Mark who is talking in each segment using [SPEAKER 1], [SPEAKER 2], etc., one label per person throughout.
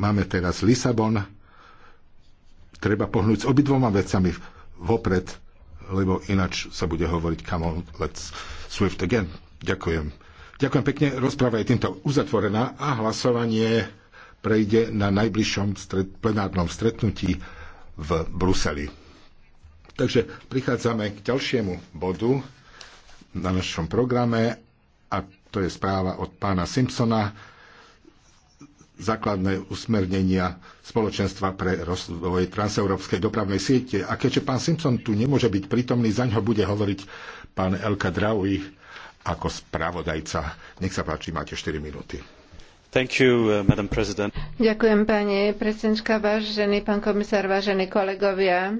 [SPEAKER 1] Máme teraz Lisabon. Treba pohnúť s obidvoma vecami vopred, lebo ináč sa bude hovoriť come on, let's swift again. Ďakujem. Ďakujem pekne. Rozpráva je týmto uzatvorená a hlasovanie prejde na najbližšom stret, plenárnom stretnutí v Bruseli. Takže prichádzame k ďalšiemu bodu na našom programe a to je správa od pána Simpsona základné usmernenia spoločenstva pre rozvoj transeurópskej dopravnej siete. A keďže pán Simpson tu nemôže byť prítomný, za ňo bude hovoriť pán Elka Draui ako spravodajca. Nech sa páči, máte 4 minúty. You, uh,
[SPEAKER 2] Ďakujem, pani predsednička, vážený pán komisár, vážení kolegovia.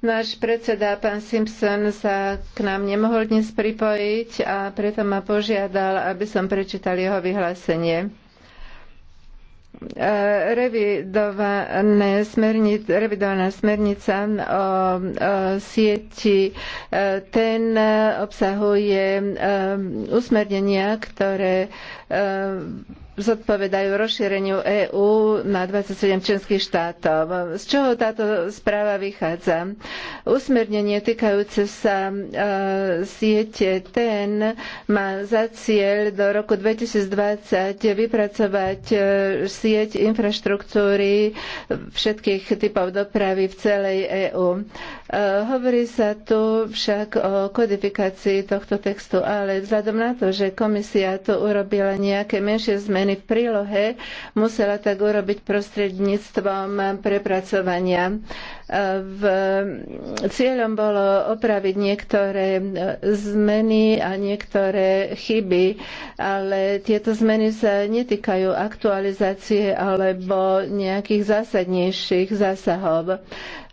[SPEAKER 2] Náš predseda, pán Simpson, sa k nám nemohol dnes pripojiť a preto ma požiadal, aby som prečítal jeho vyhlásenie revidované smernic, revidovaná smernica um, o, sieti e, ten obsahuje um, usmernenia, ktoré e, zodpovedajú rozšíreniu EÚ na 27 členských štátov. Z čoho táto správa vychádza? Usmernenie týkajúce sa e, siete TEN má za cieľ do roku 2020 vypracovať e, sieť infraštruktúry všetkých typov dopravy v celej EÚ. E, hovorí sa tu však o kodifikácii tohto textu, ale vzhľadom na to, že komisia tu urobila nejaké menšie zmeny, uvedený v prílohe, musela tak urobiť prostredníctvom prepracovania v, cieľom bolo opraviť niektoré e, zmeny a niektoré chyby, ale tieto zmeny sa netýkajú aktualizácie alebo nejakých zásadnejších zásahov.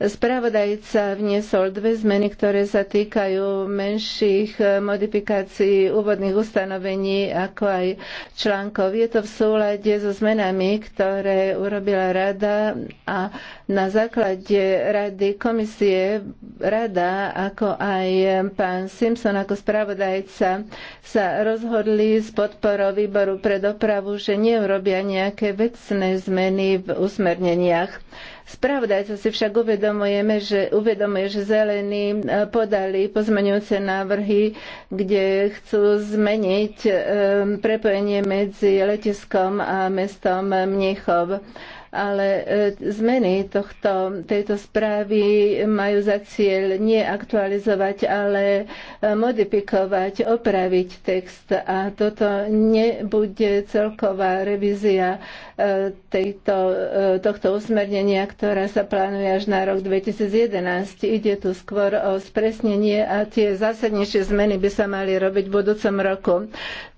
[SPEAKER 2] Spravodajca vniesol dve zmeny, ktoré sa týkajú menších e, modifikácií úvodných ustanovení, ako aj článkov. Je to v súlade so zmenami, ktoré urobila rada a na základe rady komisie rada, ako aj pán Simpson ako spravodajca sa rozhodli s podporou výboru pre dopravu, že neurobia nejaké vecné zmeny v usmerneniach. Spravodajca si však uvedomujeme, že, uvedomuje, že zelení e, podali pozmeňujúce návrhy, kde chcú zmeniť e, prepojenie medzi letiskom a mestom Mnichov ale e, zmeny tohto, tejto správy majú za cieľ nie aktualizovať, ale e, modifikovať, opraviť text a toto nebude celková revízia e, tejto, tohto usmernenia, ktorá sa plánuje až na rok 2011. Ide tu skôr o spresnenie a tie zásadnejšie zmeny by sa mali robiť v budúcom roku.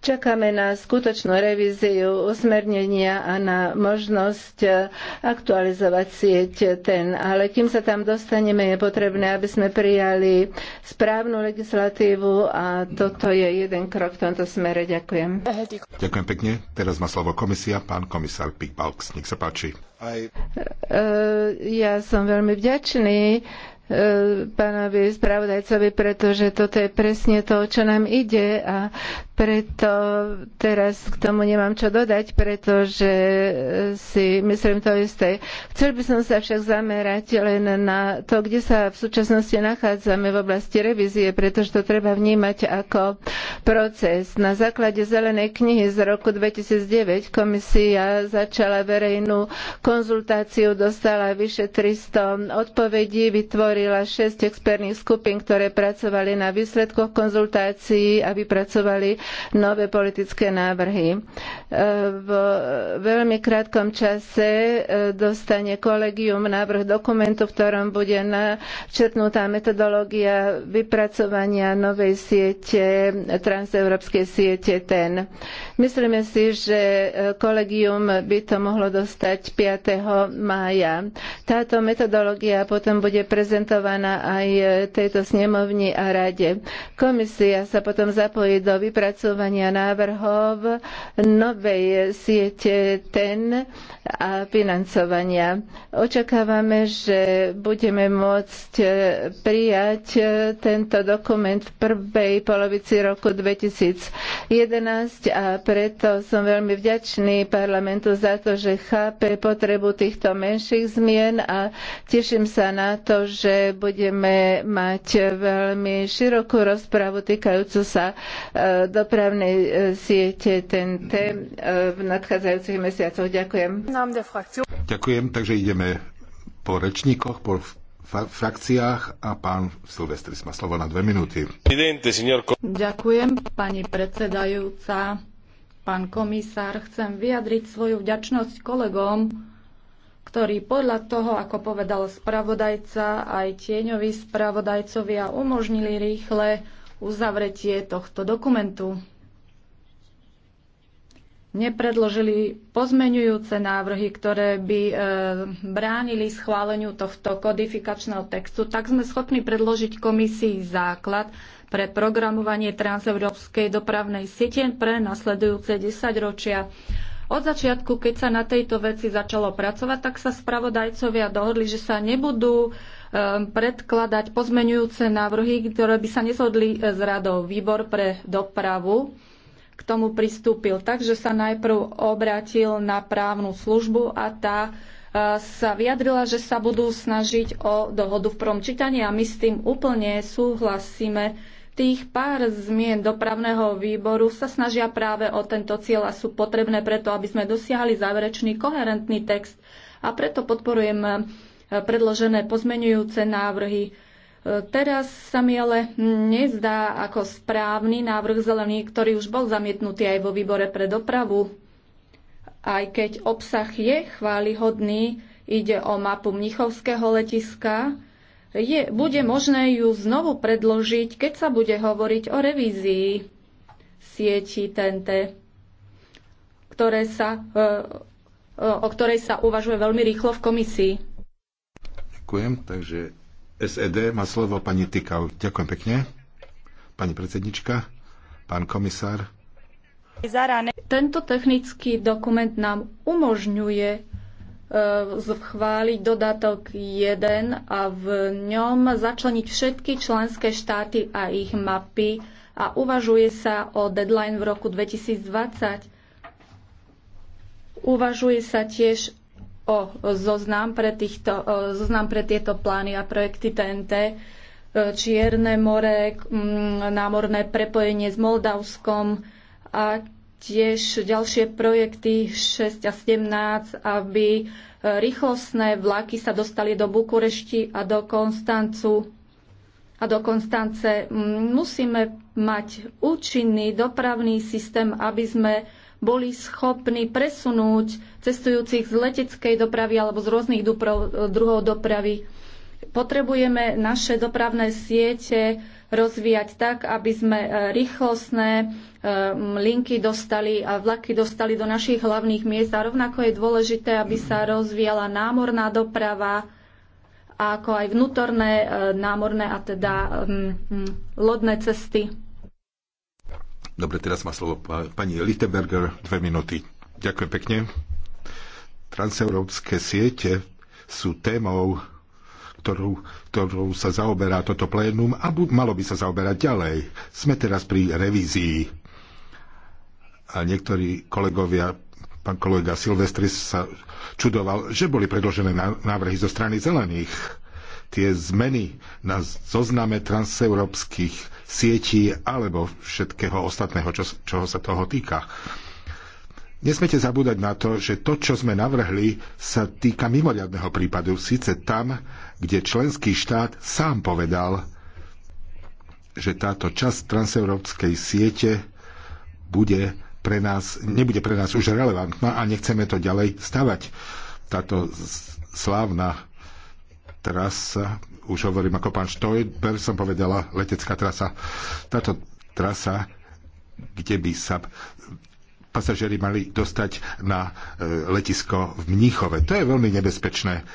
[SPEAKER 2] Čakáme na skutočnú revíziu usmernenia a na možnosť aktualizovať sieť ten. Ale kým sa tam dostaneme, je potrebné, aby sme prijali správnu legislatívu a toto je jeden krok v tomto smere. Ďakujem.
[SPEAKER 1] Ďakujem pekne. Teraz má slovo komisia. Pán komisár Pik nech sa páči. E,
[SPEAKER 2] ja som veľmi vďačný pánovi spravodajcovi, pretože toto je presne to, čo nám ide a preto teraz k tomu nemám čo dodať, pretože e, si myslím to isté. Chcel by som sa však zamerať len na to, kde sa v súčasnosti nachádzame v oblasti revízie, pretože to treba vnímať ako proces. Na základe zelenej knihy z roku 2009 komisia začala verejnú konzultáciu, dostala vyše 300 odpovedí, vytvorila vytvorila šesť expertných skupín, ktoré pracovali na výsledkoch konzultácií a vypracovali nové politické návrhy. E, v veľmi krátkom čase e, dostane kolegium návrh dokumentu, v ktorom bude načrtnutá metodológia vypracovania novej siete, transeurópskej siete TEN. Myslíme si, že e, kolegium by to mohlo dostať 5. mája. Táto metodológia potom bude prezentovaná prezentovaná aj e, tejto snemovni a rade. Komisia sa potom zapojí do vypracovania návrhov novej siete TEN a financovania. Očakávame, že budeme môcť e, prijať e, tento dokument v prvej polovici roku 2011 a preto som veľmi vďačný parlamentu za to, že chápe potrebu týchto menších zmien a teším sa na to, že budeme mať veľmi širokú rozpravu týkajúcu sa e, dopravnej e, siete TNT e, v nadchádzajúcich mesiacoch. Ďakujem.
[SPEAKER 1] Ďakujem, takže ideme po rečníkoch, po frakciách a pán Silvestris má slovo na dve minúty.
[SPEAKER 3] Ďakujem, pani predsedajúca. Pán komisár, chcem vyjadriť svoju vďačnosť kolegom, ktorý podľa toho, ako povedal spravodajca, aj tieňoví spravodajcovia umožnili rýchle uzavretie tohto dokumentu. Nepredložili pozmeňujúce návrhy, ktoré by e, bránili schváleniu tohto kodifikačného textu, tak sme schopní predložiť komisii základ pre programovanie transeurópskej dopravnej siete pre nasledujúce 10 ročia. Od začiatku, keď sa na tejto veci začalo pracovať, tak sa spravodajcovia dohodli, že sa nebudú e, predkladať pozmenujúce návrhy, ktoré by sa nezhodli z e, radou. Výbor pre dopravu k tomu pristúpil tak, že sa najprv obratil na právnu službu a tá e, sa vyjadrila, že sa budú snažiť o dohodu v prvom čítaní a my s tým úplne súhlasíme Tých pár zmien dopravného výboru sa snažia práve o tento cieľ a sú potrebné preto, aby sme dosiahli záverečný koherentný text. A preto podporujem e, predložené pozmenujúce návrhy. E, teraz sa mi ale nezdá ako správny návrh zelený, ktorý už bol zamietnutý aj vo výbore pre dopravu. Aj keď obsah je chválihodný, ide o mapu Mnichovského letiska, je, bude možné ju znovu predložiť, keď sa bude hovoriť o revízii sieti TNT, ktoré sa, e, e, o ktorej sa uvažuje veľmi rýchlo v komisii.
[SPEAKER 1] Ďakujem, takže SED má slovo pani Tykal. Ďakujem pekne. Pani predsednička, pán komisár.
[SPEAKER 3] Tento technický dokument nám umožňuje schváliť e, dodatok 1 a v ňom začleniť všetky členské štáty a ich mapy a uvažuje sa o deadline v roku 2020. Uvažuje sa tiež o zoznam pre, týchto, e, zoznam pre tieto plány a projekty TNT, e, Čierne more, námorné prepojenie s Moldavskom a tiež ďalšie projekty 6 a 17, aby rýchlostné vlaky sa dostali do Bukurešti a do Konstancu. A do Konstance musíme mať účinný dopravný systém, aby sme boli schopní presunúť cestujúcich z leteckej dopravy alebo z rôznych druhov dopravy. Potrebujeme naše dopravné siete rozvíjať tak, aby sme rýchlostné Ehm, linky dostali a vlaky dostali do našich hlavných miest. A rovnako je dôležité, aby sa rozvíjala námorná doprava, ako aj vnútorné e, námorné a teda ehm, hm, lodné cesty.
[SPEAKER 1] Dobre, teraz má slovo pani Litteberger, dve minúty. Ďakujem pekne. Transeurópske siete sú témou, ktorú, ktorou sa zaoberá toto plénum a malo by sa zaoberať ďalej. Sme teraz pri revízii a niektorí kolegovia, pán kolega Silvestris sa čudoval, že boli predložené návrhy zo strany zelených. Tie zmeny na zozname transeurópskych sietí alebo všetkého ostatného, čo, čoho sa toho týka. Nesmete zabúdať na to, že to, čo sme navrhli, sa týka mimoriadného prípadu, síce tam, kde členský štát sám povedal, že táto časť transeurópskej siete bude pre nás, nebude pre nás už relevantná a nechceme to ďalej stavať. Táto slávna trasa, už hovorím ako pán Štojber, som povedala, letecká trasa. Táto trasa, kde by sa pasažieri mali dostať na e, letisko v Mníchove. To je veľmi nebezpečné.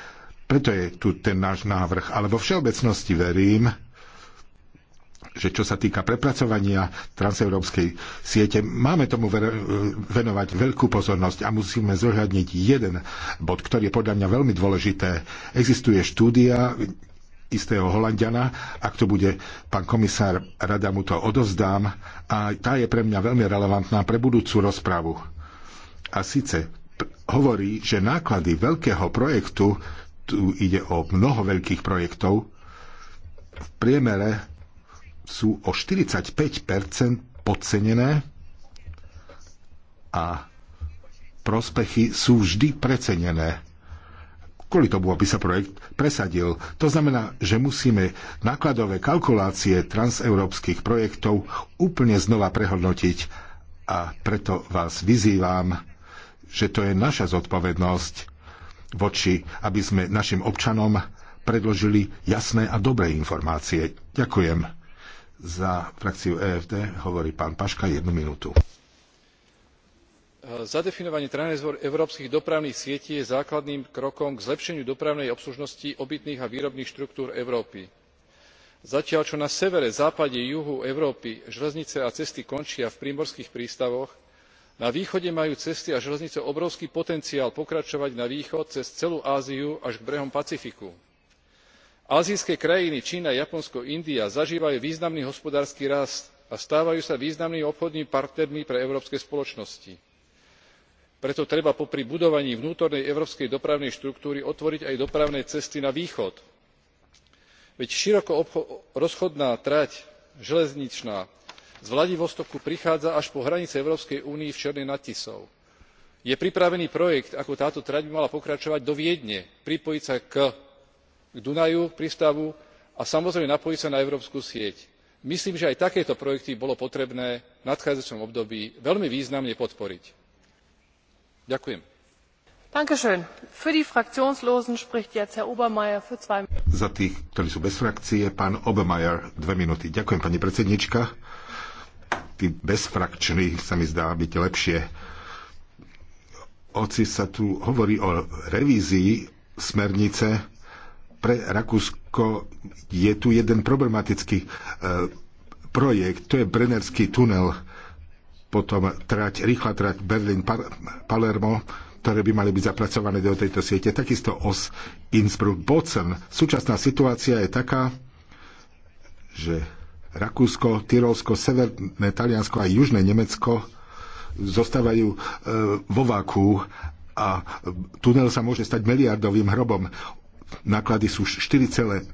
[SPEAKER 1] Preto je tu ten náš návrh. Ale vo všeobecnosti verím, že čo sa týka prepracovania transeurópskej siete, máme tomu venovať veľkú pozornosť a musíme zohľadniť jeden bod, ktorý je podľa mňa veľmi dôležité. Existuje štúdia istého Holandiana, ak to bude pán komisár, rada mu to odovzdám a tá je pre mňa veľmi relevantná pre budúcu rozpravu. A síce hovorí, že náklady veľkého projektu, tu ide o mnoho veľkých projektov, v priemere sú o 45 podcenené a prospechy sú vždy precenené. Kvôli tomu, aby sa projekt presadil. To znamená, že musíme nákladové kalkulácie transeurópskych projektov úplne znova prehodnotiť a preto vás vyzývam, že to je naša zodpovednosť voči, aby sme našim občanom predložili jasné a dobré informácie. Ďakujem. Za frakciu EFD hovorí pán Paška jednu minútu.
[SPEAKER 4] Zadefinovanie tranezvor európskych dopravných sietí je základným krokom k zlepšeniu dopravnej obslužnosti obytných a výrobných štruktúr Európy. Zatiaľ čo na severe, západe, juhu Európy železnice a cesty končia v prímorských prístavoch, na východe majú cesty a železnice obrovský potenciál pokračovať na východ cez celú áziu až k brehom pacifiku ázijské krajiny čína japonsko india zažívajú významný hospodársky rast a stávajú sa významnými obchodnými partnermi pre európske spoločnosti. preto treba popri budovaní vnútornej európskej dopravnej štruktúry otvoriť aj dopravné cesty na východ. veď široko rozchodná trať železničná z vladivostoku prichádza až po hranice európskej únie v černej nad tisou. je pripravený projekt ako táto trať by mala pokračovať do viedne pripojiť sa k k dunaju k prístavu a samozrejme napojiť sa na európsku sieť. myslím že aj takéto projekty bolo potrebné v nadchádzajúcom období veľmi významne podporiť. ďakujem.
[SPEAKER 1] za tých ktorí sú bez frakcie pán obermayer dve minúty. ďakujem pani predsedníčka. tí bezfrakční sa mi zdá byť lepšie. hoci sa tu hovorí o revízii smernice pre Rakúsko je tu jeden problematický e, projekt, to je Brennerský tunel, potom trať, rýchla trať Berlin-Palermo, ktoré by mali byť zapracované do tejto siete, takisto os innsbruck bocen Súčasná situácia je taká, že Rakúsko, Tyrolsko, Severné Taliansko a Južné Nemecko zostávajú e, vo váku a tunel sa môže stať miliardovým hrobom náklady sú 4,5 e,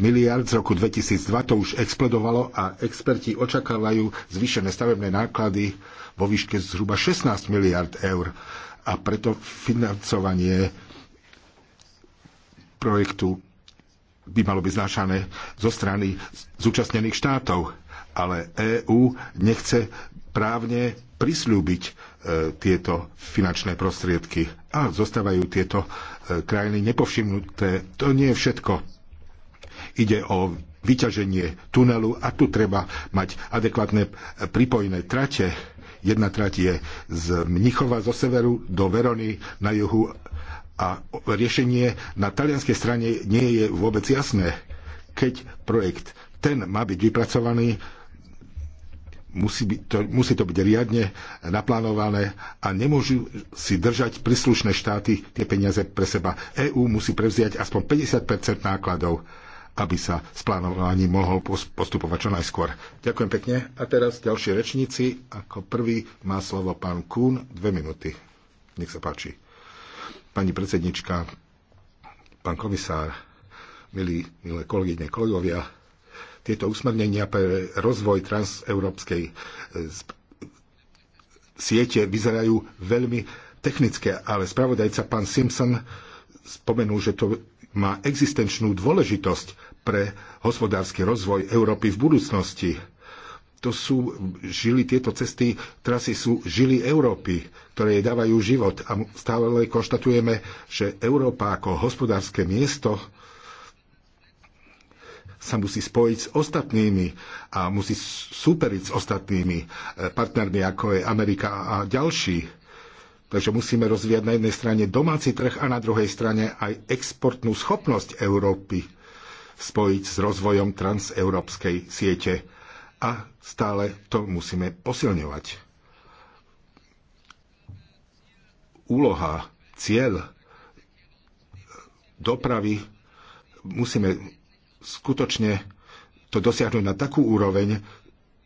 [SPEAKER 1] miliard z roku 2002, to už explodovalo a experti očakávajú zvýšené stavebné náklady vo výške zhruba 16 miliard eur a preto financovanie projektu by malo byť znášané zo strany zúčastnených štátov. Ale EÚ nechce právne prislúbiť e, tieto finančné prostriedky. A zostávajú tieto e, krajiny nepovšimnuté. To nie je všetko. Ide o vyťaženie tunelu a tu treba mať adekvátne e, pripojné trate. Jedna trať je z Mnichova zo severu do Verony na juhu a riešenie na talianskej strane nie je vôbec jasné. Keď projekt ten má byť vypracovaný, musí, by, to, musí to byť riadne naplánované a nemôžu si držať príslušné štáty tie peniaze pre seba. EÚ musí prevziať aspoň 50 nákladov, aby sa s plánovaním mohol postupovať čo najskôr. Ďakujem pekne. A teraz ďalší rečníci. Ako prvý má slovo pán Kún. Dve minúty. Nech sa páči. Pani predsednička, pán komisár, milí, milé kolegyne, kolegovia, tieto usmernenia pre rozvoj transeurópskej e, siete vyzerajú veľmi technické, ale spravodajca pán Simpson spomenul, že to má existenčnú dôležitosť pre hospodársky rozvoj Európy v budúcnosti. To sú žily, tieto cesty, trasy sú žily Európy, ktoré jej dávajú život. A stále konštatujeme, že Európa ako hospodárske miesto sa musí spojiť s ostatnými a musí súperiť s ostatnými e, partnermi, ako je Amerika a ďalší. Takže musíme rozvíjať na jednej strane domáci trh a na druhej strane aj exportnú schopnosť Európy spojiť s rozvojom transeurópskej siete. A stále to musíme posilňovať. Úloha, cieľ dopravy musíme skutočne to dosiahnuť na takú úroveň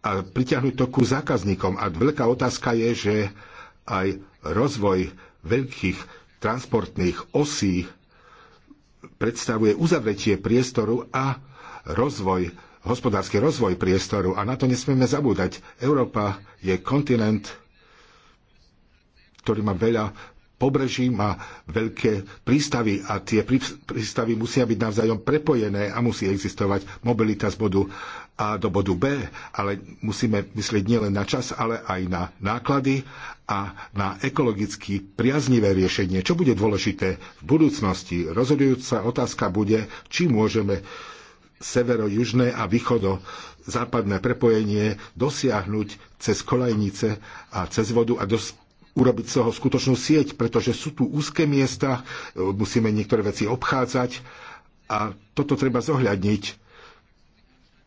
[SPEAKER 1] a pritiahnuť to ku zákazníkom. A veľká otázka je, že aj rozvoj veľkých transportných osí predstavuje uzavretie priestoru a rozvoj, hospodársky rozvoj priestoru. A na to nesmieme zabúdať. Európa je kontinent, ktorý má veľa pobreží má veľké prístavy a tie prístavy musia byť navzájom prepojené a musí existovať mobilita z bodu A do bodu B, ale musíme myslieť nielen na čas, ale aj na náklady a na ekologicky priaznivé riešenie. Čo bude dôležité v budúcnosti? Rozhodujúca otázka bude, či môžeme severo-južné a východo-západné prepojenie dosiahnuť cez kolejnice a cez vodu a dosť urobiť z toho skutočnú sieť, pretože sú tu úzke miesta, e, musíme niektoré veci obchádzať a toto treba zohľadniť.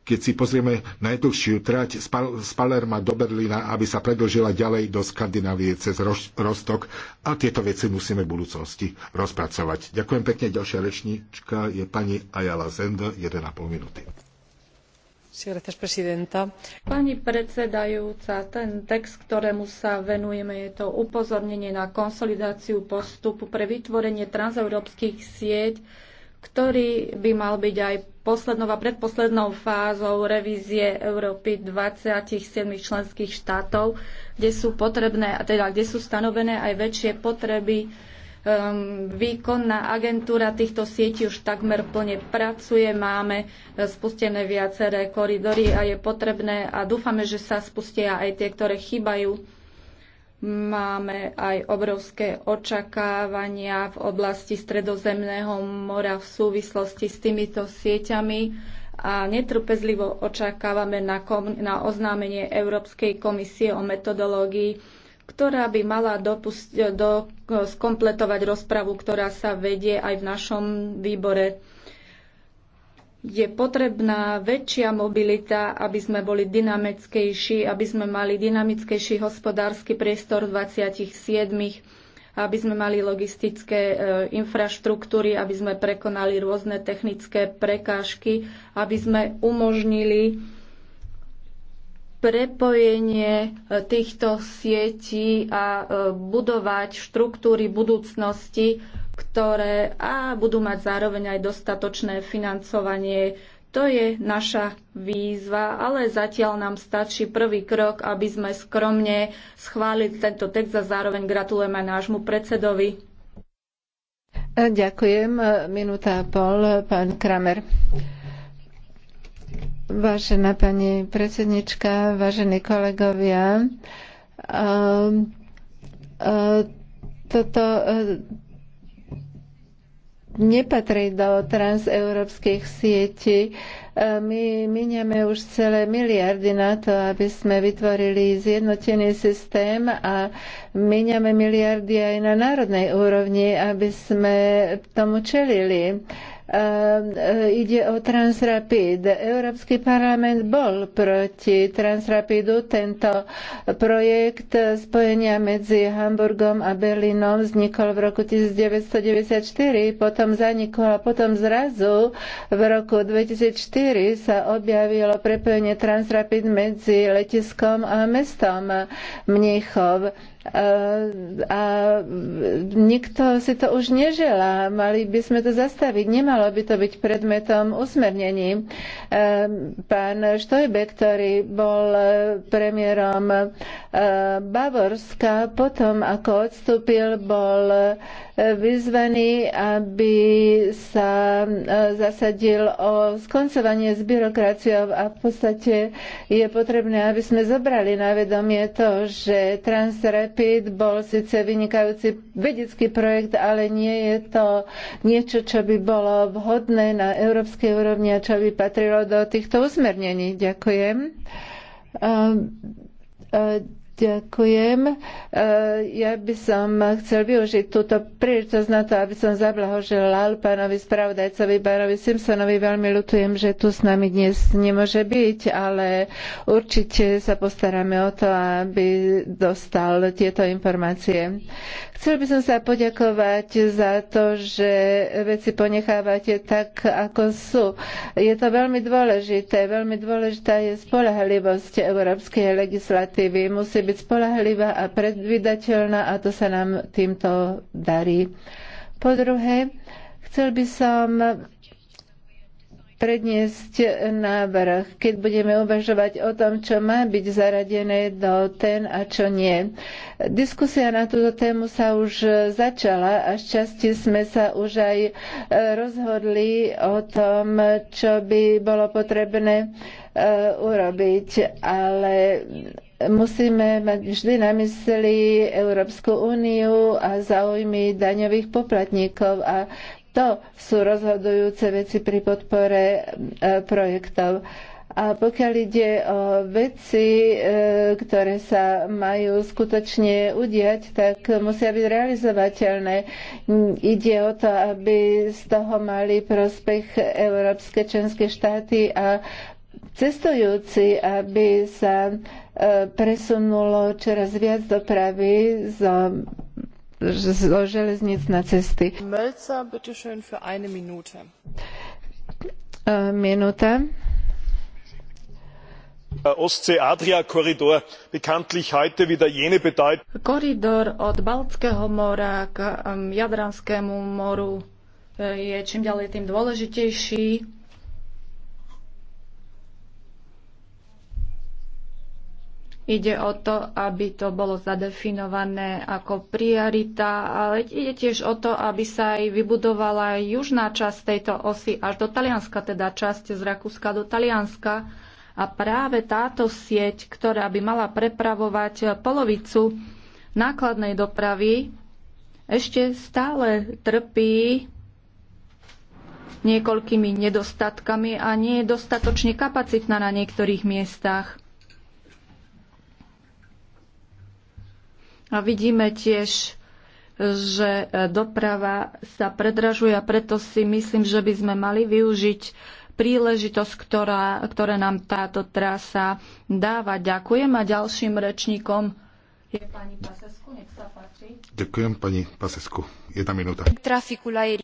[SPEAKER 1] Keď si pozrieme najdlhšiu trať z Palerma do Berlína, aby sa predlžila ďalej do Skandinávie cez Rostok a tieto veci musíme v budúcnosti rozpracovať. Ďakujem pekne. Ďalšia rečníčka je pani Ajala Zenda, 1,5 minúty.
[SPEAKER 3] Pani predsedajúca, ten text, ktorému sa venujeme, je to upozornenie na konsolidáciu postupu pre vytvorenie transeurópskych sieť, ktorý by mal byť aj poslednou a predposlednou fázou revízie Európy 27 členských štátov, kde sú potrebné, teda kde sú stanovené aj väčšie potreby Um, výkonná agentúra týchto sietí už takmer plne pracuje, máme eh, spustené viaceré koridory a je potrebné a dúfame, že sa spustia aj tie, ktoré chýbajú. Máme aj obrovské očakávania v oblasti Stredozemného mora v súvislosti s týmito sieťami a netrpezlivo očakávame na, kom- na oznámenie Európskej komisie o metodológii ktorá by mala dopusť, e, do, e, skompletovať rozpravu, ktorá sa vedie aj v našom výbore. Je potrebná väčšia mobilita, aby sme boli dynamickejší, aby sme mali dynamickejší hospodársky priestor 27 aby sme mali logistické e, infraštruktúry, aby sme prekonali rôzne technické prekážky, aby sme umožnili prepojenie e, týchto sietí a e, budovať štruktúry budúcnosti, ktoré a budú mať zároveň aj dostatočné financovanie. To je naša výzva, ale zatiaľ nám stačí prvý krok, aby sme skromne schválili tento text a zároveň gratulujeme nášmu predsedovi.
[SPEAKER 2] Ďakujem. Minúta a pol, pán Kramer. Vážená pani predsednička, vážení kolegovia, ehm, ehm, toto ehm, nepatrí do transeurópskych sietí. My miniame už celé miliardy na to, aby sme vytvorili zjednotený systém a miniame miliardy aj na národnej úrovni, aby sme tomu čelili. Ehm, e, ide o Transrapid. Európsky parlament bol proti Transrapidu. Tento projekt spojenia medzi Hamburgom a Berlínom vznikol v roku 1994, potom zanikol a potom zrazu v roku 2004 sa objavilo prepojenie Transrapid medzi letiskom a mestom Mnichov a nikto si to už neželá. Mali by sme to zastaviť. Nemalo by to byť predmetom usmernení. Ehm, pán Štojbe, ktorý bol e, premiérom e, Bavorska, potom ako odstúpil, bol e, vyzvaný, aby sa zasadil o skoncovanie s byrokraciou a v podstate je potrebné, aby sme zobrali na vedomie to, že transrep Rapid bol síce vynikajúci vedecký projekt, ale nie je to niečo, čo by bolo vhodné na európskej úrovni a čo by patrilo do týchto usmernení. Ďakujem. Uh, uh, Ďakujem. E, ja by som chcel využiť túto príležitosť na to, aby som zablahoželal pánovi spravodajcovi Barovi Simpsonovi. Veľmi ľutujem, že tu s nami dnes nemôže byť, ale určite sa postaráme o to, aby dostal tieto informácie. Chcel by som sa poďakovať za to, že veci ponechávate tak, ako sú. Je to veľmi dôležité. Veľmi dôležitá je spolahlivosť európskej legislatívy. Musí byť spolahlivá a predvydateľná a to sa nám týmto darí. Po druhé, chcel by som predniesť návrh, keď budeme uvažovať o tom, čo má byť zaradené do ten a čo nie. Diskusia na túto tému sa už začala a šťastie sme sa už aj e, rozhodli o tom, čo by bolo potrebné e, urobiť, ale musíme mať vždy na mysli Európsku úniu a záujmy daňových poplatníkov a to sú rozhodujúce veci pri podpore e, projektov. A pokiaľ ide o veci, e, ktoré sa majú skutočne udiať, tak musia byť realizovateľné. Ide o to, aby z toho mali prospech európske členské štáty a cestujúci, aby sa e, presunulo čoraz viac dopravy zo zo železnic na cesty.
[SPEAKER 4] Mölzer, bitte schön für eine Minute.
[SPEAKER 2] E, Minúta.
[SPEAKER 1] Äh, Ostsee-Adria-Korridor bekanntlich heute
[SPEAKER 4] wieder jene bedeutende.
[SPEAKER 3] Koridor od Baltského mora k Jadranskému moru e, je čím ďalej tým dôležitejší Ide o to, aby to bolo zadefinované ako priorita, ale ide tiež o to, aby sa aj vybudovala južná časť tejto osy až do Talianska, teda časť z Rakúska do Talianska. A práve táto sieť, ktorá by mala prepravovať polovicu nákladnej dopravy, ešte stále trpí niekoľkými nedostatkami a nie je dostatočne kapacitná na niektorých miestach. A vidíme tiež, že e, doprava sa predražuje a preto si myslím, že by sme mali využiť príležitosť, ktorá, ktoré nám táto trasa dáva. Ďakujem a ďalším rečníkom je pani Pasesku, nech sa páči.
[SPEAKER 1] Ďakujem pani Pasesku. Jedna minúta.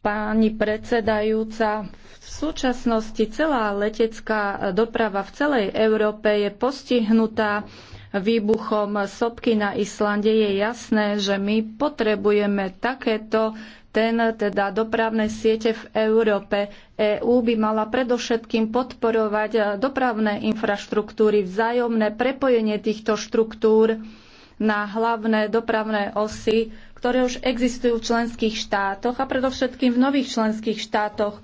[SPEAKER 3] Pani predsedajúca, v súčasnosti celá letecká doprava v celej Európe je postihnutá výbuchom sopky na Islande, je jasné, že my potrebujeme takéto ten teda dopravné siete v Európe. EÚ by mala predovšetkým podporovať e, dopravné infraštruktúry, vzájomné prepojenie týchto štruktúr na hlavné dopravné osy, ktoré už existujú v členských štátoch a predovšetkým v nových členských štátoch.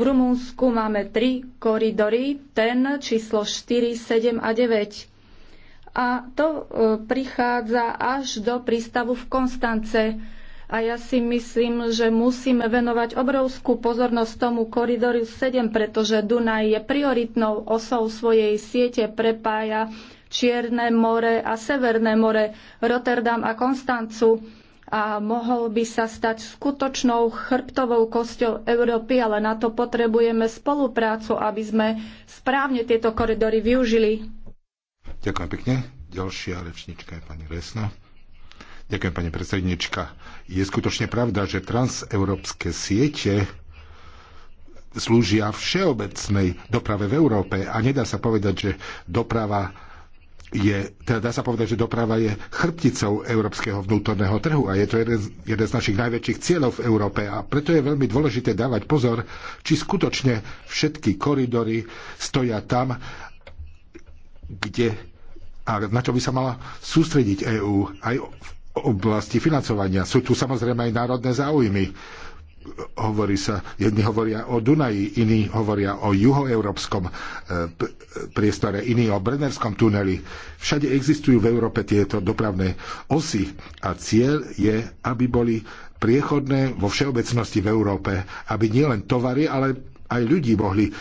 [SPEAKER 3] V Rumúnsku máme tri koridory, ten číslo 4, 7 a 9 a to e, prichádza až do prístavu v Konstance. A ja si myslím, že musíme venovať obrovskú pozornosť tomu koridoru 7, pretože Dunaj je prioritnou osou svojej siete, prepája Čierne more a Severné more, Rotterdam a Konstancu a mohol by sa stať skutočnou chrbtovou kosťou Európy, ale na to potrebujeme spoluprácu, aby sme správne tieto koridory využili.
[SPEAKER 1] Ďakujem pekne. Ďalšia rečnička je pani Resna. Ďakujem, pani predsednička. Je skutočne pravda, že transeurópske siete slúžia všeobecnej doprave v Európe a nedá sa povedať, že doprava je, teda dá sa povedať, že doprava je chrbticou európskeho vnútorného trhu a je to jeden z, jeden z našich najväčších cieľov v Európe a preto je veľmi dôležité dávať pozor, či skutočne všetky koridory stoja tam, kde a na čo by sa mala sústrediť EÚ aj v oblasti financovania. Sú tu samozrejme aj národné záujmy. Hovorí sa, jedni hovoria o Dunaji, iní hovoria o juhoeurópskom e, priestore, iní o Brennerskom tuneli. Všade existujú v Európe tieto dopravné osy a cieľ je, aby boli priechodné vo všeobecnosti v Európe, aby nielen tovary, ale aj ľudí mohli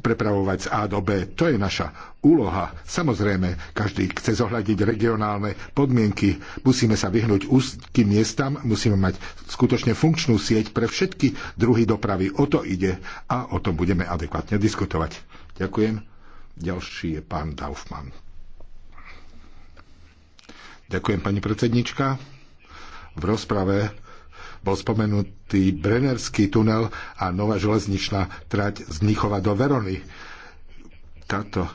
[SPEAKER 1] prepravovať z A do B. To je naša úloha. Samozrejme, každý chce zohľadiť regionálne podmienky. Musíme sa vyhnúť úzkým miestam, musíme mať skutočne funkčnú sieť pre všetky druhy dopravy. O to ide a o tom budeme adekvátne diskutovať. Ďakujem. Ďalší je pán Daufman. Ďakujem, pani predsednička. V rozprave bol spomenutý Brennerský tunel a nová železničná trať z Mnichova do Verony. Táto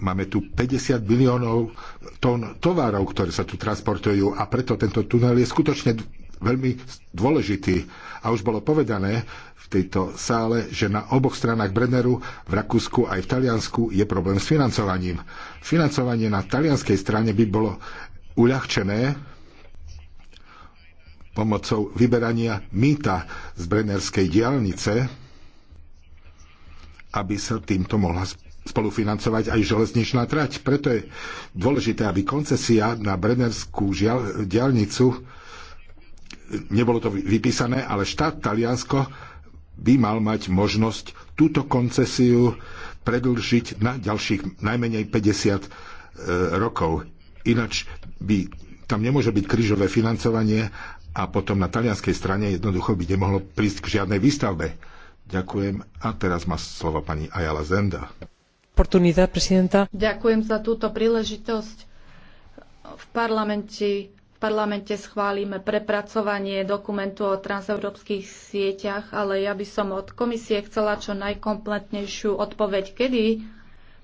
[SPEAKER 1] máme tu 50 miliónov tón tovarov, ktoré sa tu transportujú a preto tento tunel je skutočne veľmi dôležitý. A už bolo povedané v tejto sále, že na oboch stranách Brenneru, v Rakúsku aj v Taliansku je problém s financovaním. Financovanie na talianskej strane by bolo uľahčené pomocou vyberania mýta z Brennerskej diálnice, aby sa týmto mohla spolufinancovať aj železničná trať. Preto je dôležité, aby koncesia na Brennerskú diálnicu, nebolo to vypísané, ale štát Taliansko by mal mať možnosť túto koncesiu predlžiť na ďalších najmenej 50 e, rokov. Ináč by tam nemôže byť krížové financovanie a potom na talianskej strane jednoducho by nemohlo prísť k žiadnej výstavbe. Ďakujem a teraz má slovo pani Ayala Zenda.
[SPEAKER 3] Ďakujem za túto príležitosť. V parlamente, v parlamente schválime prepracovanie dokumentu o transeurópskych sieťach, ale ja by som od komisie chcela čo najkompletnejšiu odpoveď, kedy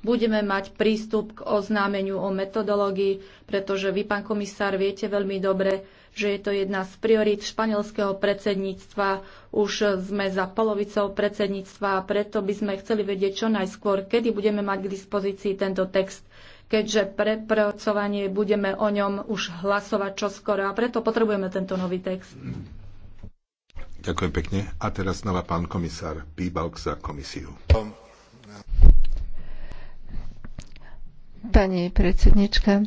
[SPEAKER 3] budeme mať prístup k oznámeniu o metodológii, pretože vy, pán komisár, viete veľmi dobre, že je to jedna z priorít španielského predsedníctva. Už sme za polovicou predsedníctva a preto by sme chceli vedieť čo najskôr, kedy budeme mať k dispozícii tento text keďže prepracovanie budeme o ňom už hlasovať čoskoro a preto potrebujeme tento nový text.
[SPEAKER 1] Ďakujem pekne. A teraz znova pán komisár Píbalk za komisiu.
[SPEAKER 2] Pani predsednička, e,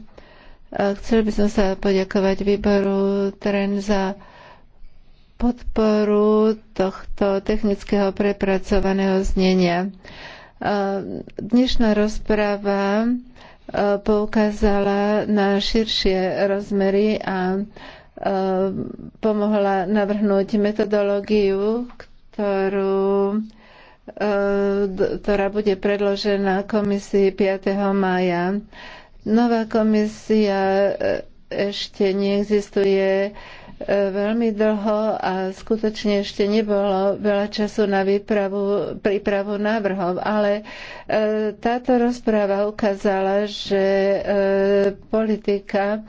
[SPEAKER 2] chcel by som sa poďakovať výboru TREN za podporu tohto technického prepracovaného znenia. E, dnešná rozprava e, poukázala na širšie rozmery a pomohla navrhnúť metodológiu, ktorú E, ktorá bude predložená komisii 5. maja. Nová komisia e, ešte neexistuje veľmi dlho a skutočne ešte nebolo veľa času na výpravu, prípravu návrhov, ale e, táto rozpráva ukázala, že e, politika e,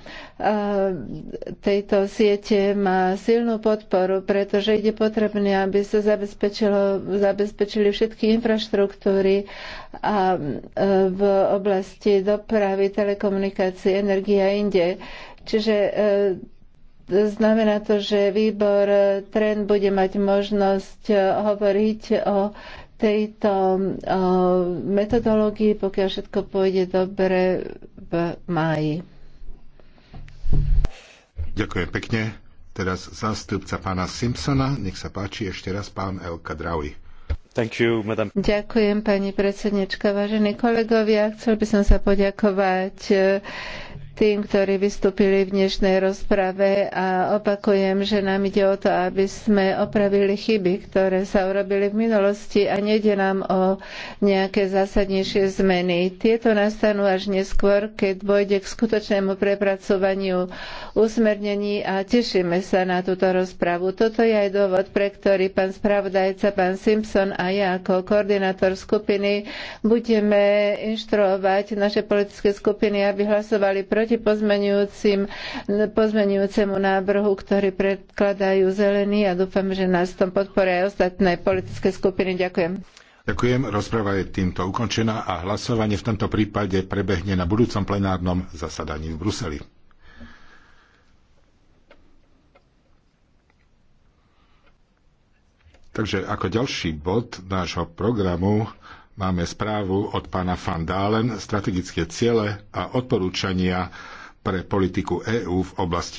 [SPEAKER 2] tejto siete má silnú podporu, pretože ide potrebné, aby sa zabezpečili všetky infraštruktúry a v oblasti dopravy, telekomunikácie, energie a inde. Čiže Znamená to, že výbor trend bude mať možnosť eh, hovoriť o tejto eh, metodológii, pokiaľ všetko pôjde dobre v máji.
[SPEAKER 1] Ďakujem pekne. Teraz zástupca pána Simpsona. Nech sa páči ešte raz pán Elka Kadraui. You,
[SPEAKER 2] Ďakujem, pani predsednička. Vážení kolegovia, chcel by som sa poďakovať eh, tým, ktorí vystúpili v dnešnej rozprave a opakujem, že nám ide o to, aby sme opravili chyby, ktoré sa urobili v minulosti a nejde nám o nejaké zásadnejšie zmeny. Tieto nastanú až neskôr, keď dôjde k skutočnému prepracovaniu usmernení a tešíme sa na túto rozpravu. Toto je aj dôvod, pre ktorý pán spravodajca, pán Simpson a ja ako koordinátor skupiny budeme inštruovať naše politické skupiny, aby hlasovali proti proti pozmenujúcemu návrhu, ktorý predkladajú zelení a dúfam, že nás v tom podporia aj ostatné politické skupiny. Ďakujem.
[SPEAKER 1] Ďakujem, rozprava je týmto ukončená a hlasovanie v tomto prípade prebehne na budúcom plenárnom zasadaní v Bruseli. Takže ako ďalší bod nášho programu Máme správu od pána Van Dalen, strategické ciele a odporúčania pre politiku EÚ v oblasti